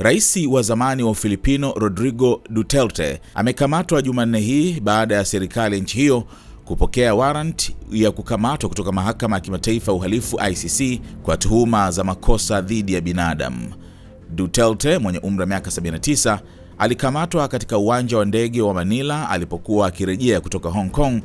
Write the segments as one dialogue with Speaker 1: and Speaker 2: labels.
Speaker 1: Rais wa zamani wa Ufilipino Rodrigo Duterte amekamatwa Jumanne hii baada ya serikali ya nchi hiyo kupokea warrant ya kukamatwa kutoka mahakama ya kimataifa ya uhalifu ICC kwa tuhuma za makosa dhidi ya binadamu. Duterte mwenye umri wa miaka 79 alikamatwa katika uwanja wa ndege wa Manila alipokuwa akirejea kutoka Hong Kong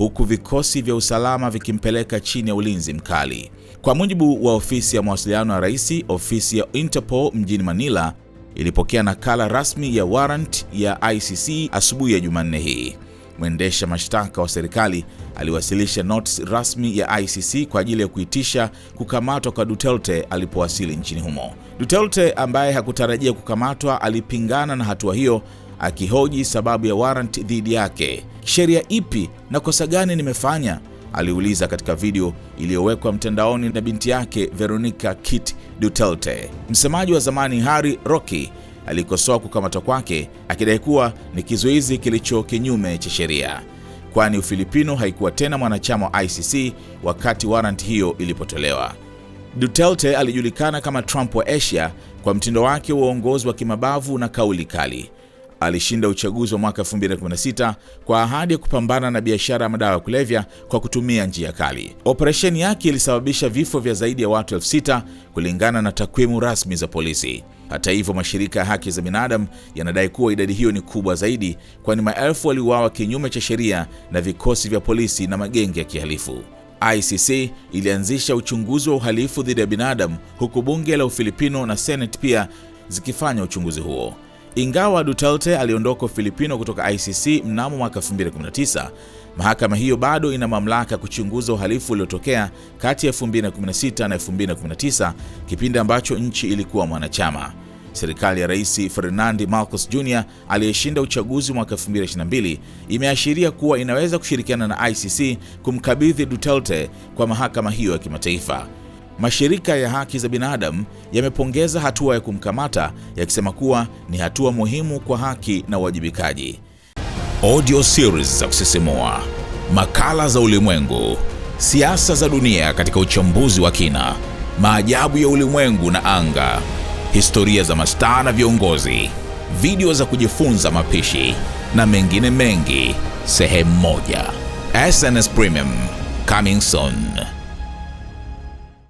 Speaker 1: huku vikosi vya usalama vikimpeleka chini ya ulinzi mkali. Kwa mujibu wa ofisi ya mawasiliano ya rais, ofisi ya Interpol mjini Manila ilipokea nakala rasmi ya warrant ya ICC asubuhi ya Jumanne hii. Mwendesha mashtaka wa serikali aliwasilisha notes rasmi ya ICC kwa ajili ya kuitisha kukamatwa kwa Duterte alipowasili nchini humo. Duterte ambaye hakutarajia kukamatwa alipingana na hatua hiyo akihoji sababu ya warrant dhidi yake. Sheria ipi na kosa gani nimefanya? aliuliza katika video iliyowekwa mtandaoni na binti yake Veronica Kit Duterte. Msemaji wa zamani Harry Roque alikosoa kukamatwa kwake akidai kuwa ni kizuizi kilicho kinyume cha sheria, kwani Ufilipino haikuwa tena mwanachama wa ICC wakati warrant hiyo ilipotolewa. Duterte alijulikana kama Trump wa Asia kwa mtindo wake wa uongozi wa kimabavu na kauli kali. Alishinda uchaguzi wa mwaka 2016 kwa ahadi ya kupambana na biashara ya madawa ya kulevya kwa kutumia njia kali. Operesheni yake ilisababisha vifo vya zaidi ya watu elfu sita kulingana na takwimu rasmi za polisi. Hata hivyo, mashirika ya haki za binadamu yanadai kuwa idadi hiyo ni kubwa zaidi, kwani maelfu waliuawa kinyume cha sheria na vikosi vya polisi na magenge ya kihalifu. ICC ilianzisha uchunguzi wa uhalifu dhidi ya binadamu huku bunge la Ufilipino na Senate pia zikifanya uchunguzi huo. Ingawa Duterte aliondoka Filipino kutoka ICC mnamo mwaka 2019, mahakama hiyo bado ina mamlaka kuchunguza uhalifu uliotokea kati ya 2016 na 2019, kipindi ambacho nchi ilikuwa mwanachama. Serikali ya Rais Ferdinand Marcos Jr aliyeshinda uchaguzi mwaka 2022 imeashiria kuwa inaweza kushirikiana na ICC kumkabidhi Duterte kwa mahakama hiyo ya kimataifa. Mashirika ya haki za binadamu yamepongeza hatua ya kumkamata yakisema kuwa ni hatua muhimu kwa haki na uwajibikaji.
Speaker 2: Audio series za kusisimua, makala za ulimwengu, siasa za dunia katika uchambuzi wa kina, maajabu ya ulimwengu na anga, historia za mastaa na viongozi, video za kujifunza mapishi na mengine mengi, sehemu moja. SNS Premium coming soon.